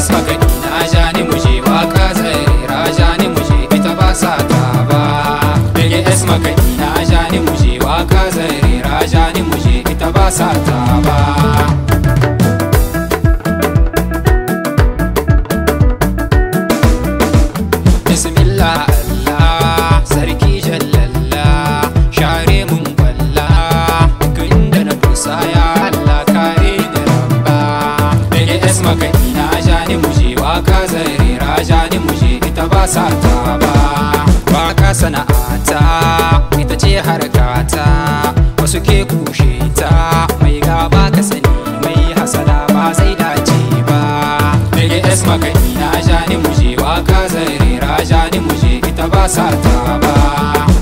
Smoking. sata ba waka sana'ata ita ce harkata wasu ke kushe ta mai gaba ka sani mai hasada ba zai dace ba daga es makaki na ja ni muje waka zarera ja ni muje ita ba sata ba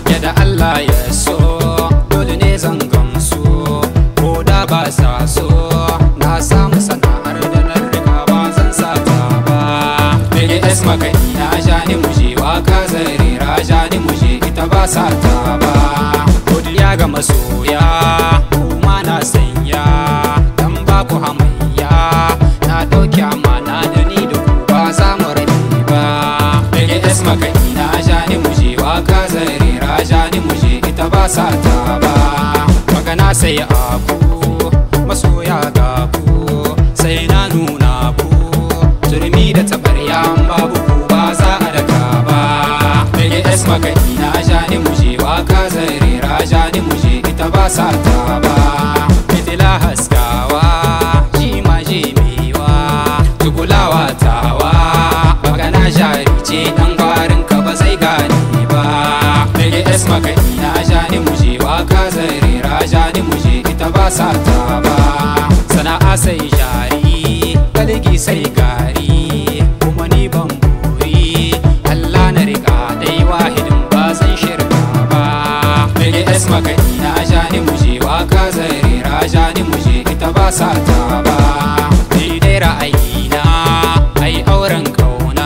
yadda Allah ya sata ba godiya ga masoya kuma na sanya dan ba ku hamayya na dauki amana da ni da ku ba za mu rabi ba daga es maka ina ja ni mu je wa ka zare raja ni mu ita ba sata ba magana sai aku ba sa ta fitila haskawa shi ma tukulawa tawa magana shari ce dan kwarin ka ba sai gani ba daga es ina na shani muje wa ka zare ra shani muje ita ba sa ta sana'a sai sha fasa ta ba ni dai ra'ayina ai auren kauna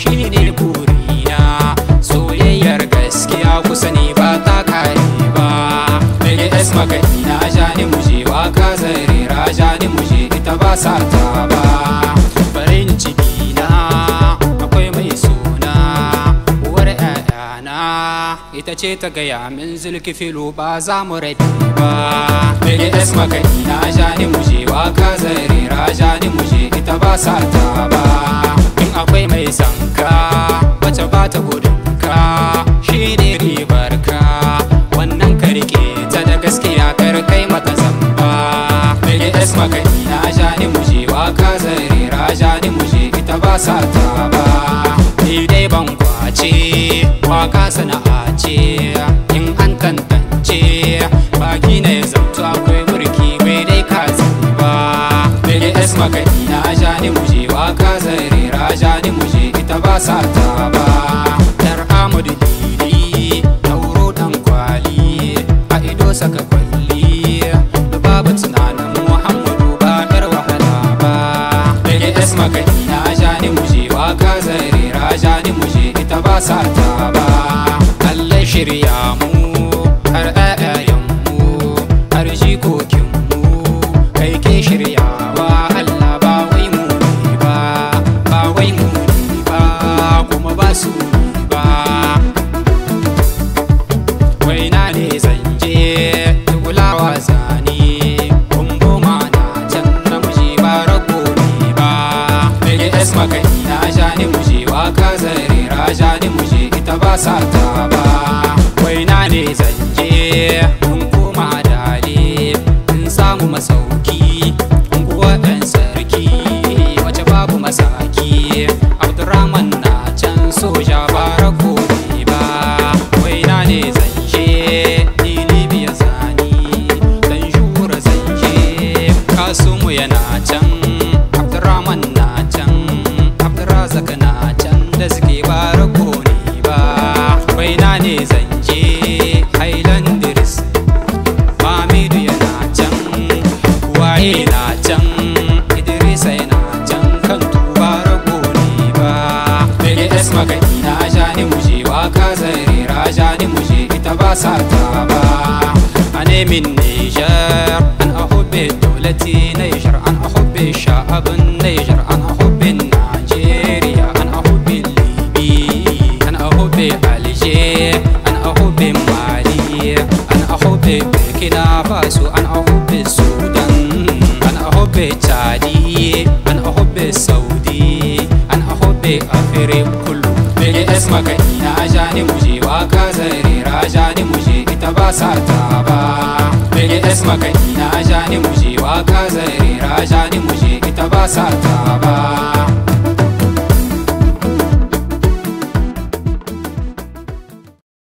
shine ne burina soyayyar gaskiya kusa ne ba ta kare ba daga es magani na ja ni muje wa ka zare raja ni muje ita ba sa ba ita ce ta gaya min zulki filo ba za mu rage ba bege es makani na ja ni muje waka zare raja ni muje ita ba sa ta ba in akwai mai sanka wace ba ta gudun ka shi ne ribar barka wannan ka rike ta da gaskiya kar kai mata zamba bege es makani na ja ni muje waka zare raja ni muje ita ba sa ta waka sana'a ce in an tantance baki na ya zamto akwai mulki bai dai ka ba daga es magani na aja ni muje waka zarera aja ni muje ita ba sa ta ba dar amudu dili tauro dan kwali a ido saka kwalli da babu tunanin muhammadu ba yar wahala ba daga es magani na aja ni muje waka zarera aja ni muje ta ba sa ta ba Allah shirya mu sata ba waina ne zanje in koma dare in samu masauki in kuwa ɗan sarki wace babu masaki abdurrahman na can soja bara gobe ba waina ne zanje ni zani dan jura zanje kasumu yana can abdurrahman na can abdurrazak na can da suke bara ne zanje highlanders mamidu yana can waye na can idrisa yana can kan tuba rago ne ba daga es magani na aja ni muje wa ka zare raja ni muje ita ba sa ta ba a min nijar an a hubbe dole ti nijar an a hubbe sha'abin nijar an fere kullu Bege es magani na ajani muje waka zarera ajani muje ita ba sa ta ba Bege es magani na ajani muje waka zarera ajani muje ita ba sa ta ba